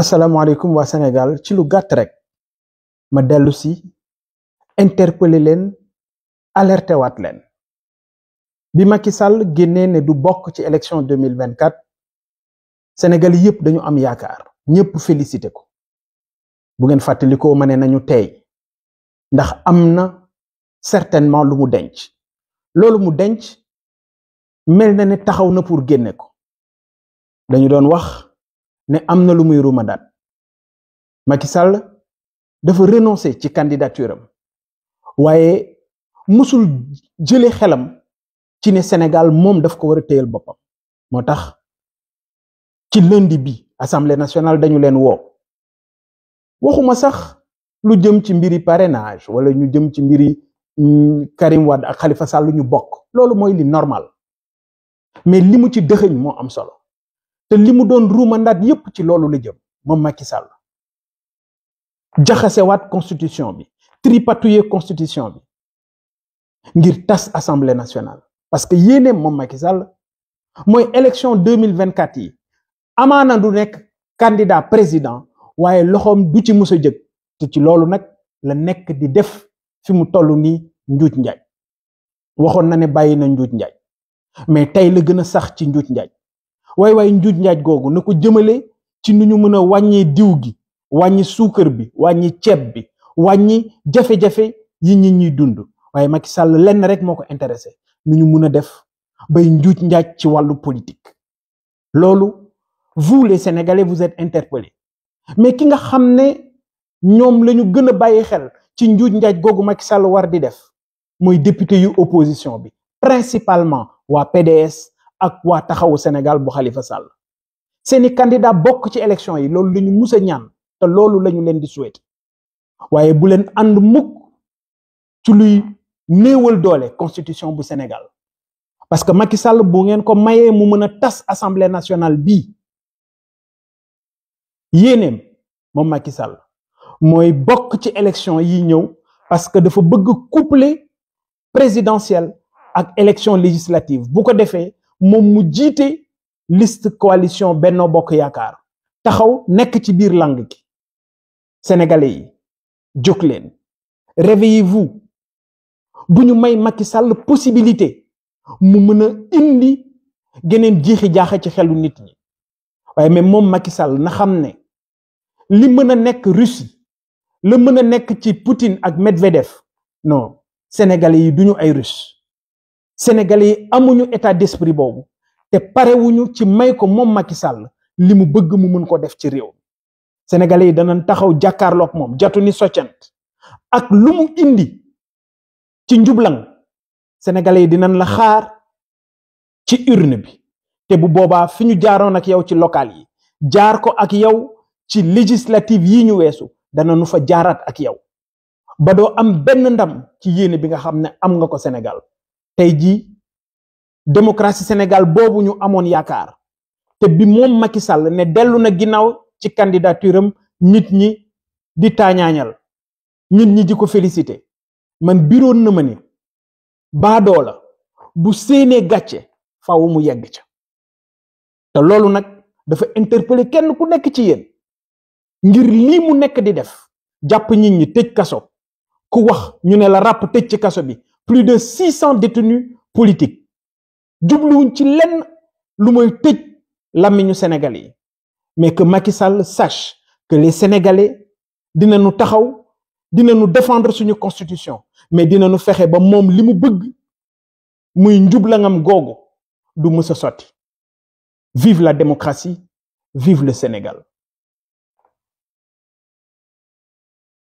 asalaamaaleykum waa Sénégal ci lu gàtt rek ma dellu si interpeller leen alerté waat leen bi Macky sàll génnee ne du bokk ci élection 2024 Sénégal yëpp dañu am yaakaar ñëpp félicité ko bu ngeen fàttalikoo ma ne nañu tey ndax am na certainement lu mu denc loolu mu denc mel na ne taxaw na pour génne ko dañu doon wax. ne am na lu muy rumandaat Macky sàll dafa renoncer ci candidature waaye musul jële xelam ci ne Sénégal moom daf ko war a téyal boppam moo tax ci lundi bi assemblée nationale dañu leen woo waxuma sax lu jëm ci mbiri parrainage wala ñu jëm ci mbiri mm, Karim Wade ak Khalifa ñu bokk loolu mooy li normal mais li mu ci dëxëñ moo am solo te li mu doon ruumandaat yépp ci loolu la jëm moom Macky Sall jaxasewaat constitution bi tripatouiller constitution bi ngir tas assemblée nationale parce que yéeneem moom Macky Sall mooy élection 2024 yi amaana du nekk candidat président waaye loxoom du ci mus a jëg te ci loolu nag la nekk di def fi mu toll nii njuuj njaaj waxoon na ne bàyyi na njuuj njaaj mais tey la gën a sax ci njuuj njaaj way way njuuj njaaj googu na ko jëmale ci nu ñu mën a wàññee diw gi wàññi suukar bi wàññi ceeb bi wàññi jafe-jafe yi ñi ñuy dund waaye Macky Sall lenn rek moo ko intéressé nu ñu mën a def bay njuuj njaaj ci wàllu politique loolu vous les Sénégalais vous êtes interpellés mais ki nga xam ne ñoom la ñu gën a bàyyi xel ci njuuj njaaj googu Macky Sall war di def mooy député yu opposition bi principalement waa PDS ak waa taxawu Sénégal bu Khalifa Sall seeni candidat bokk ci élection yi loolu la ñu mus a ñaan te loolu la leen di souhaité waaye bu leen ànd mukk ci luy néewal doole constitution bu Sénégal parce que Macky Sall bu ngeen ko mayee mu mën a tas assemblée nationale bii yéeneem moom Macky Sall mooy bokk ci élection yi ñëw parce que dafa bëgg coupler présidentielle ak élection législative bu ko defee moom mu jiite liste coalition Benno Bokk Yaakaar taxaw nekk ci biir lang ki sénégalais yi jóg leen réveillez-vous bu ñu may makki Sall possibilité mu mën a indi geneen jiixi jaaxa ci xelu nit ñi waaye mais moom Macky Sall na xam ne li mën a nekk Russie la mën nekk ci Poutine ak Medvedev non sénégalais yi duñu ay russe sénégalais yi amuñu état d'esprit boobu te parewuñu ci may ko moom Macky Sall li mu bëgg mu mën koo def ci réew sénégalais yi danañ taxaw jàkkaarlook moom jatu ni soccant ak lu mu indi ci njublang sénégalais yi dinañ la xaar ci urne bi te bu boobaa fi ñu jaaroon ak yow ci local yi jaar ko ak yow ci législative yi ñu weesu dana fa jaaraat ak yow ba doo am benn ndam ci yéene bi nga xam ne am nga ko Sénégal tey jii démocratie Sénégal boobu ñu amoon yaakaar te bi moom Macky sàll ne dellu na ginnaaw ci candidature nit ñi di taañaañal nit ñi di ko félicité man biroon na ma ni baadoo la bu séenee gàcce faaw mu yegg ca te loolu nag dafa interpeller kenn ku nekk ci yéen ngir lii mu nekk di def jàpp nit ñi tëj kaso ku wax ñu ne la ràpp tëj ci kaso bi plus de six cent détenus politiques jubluwuñ ci lenn lu mooy tëj làmmiñu Sénégalais yi mais que Macky Sall sache que les dina dinañu taxaw dinañu défendre suñu constitution mais dina nu fexe ba moom li mu bëgg muy njubla ngam googu du mës a sotti vive la démocratie vive le Sénégal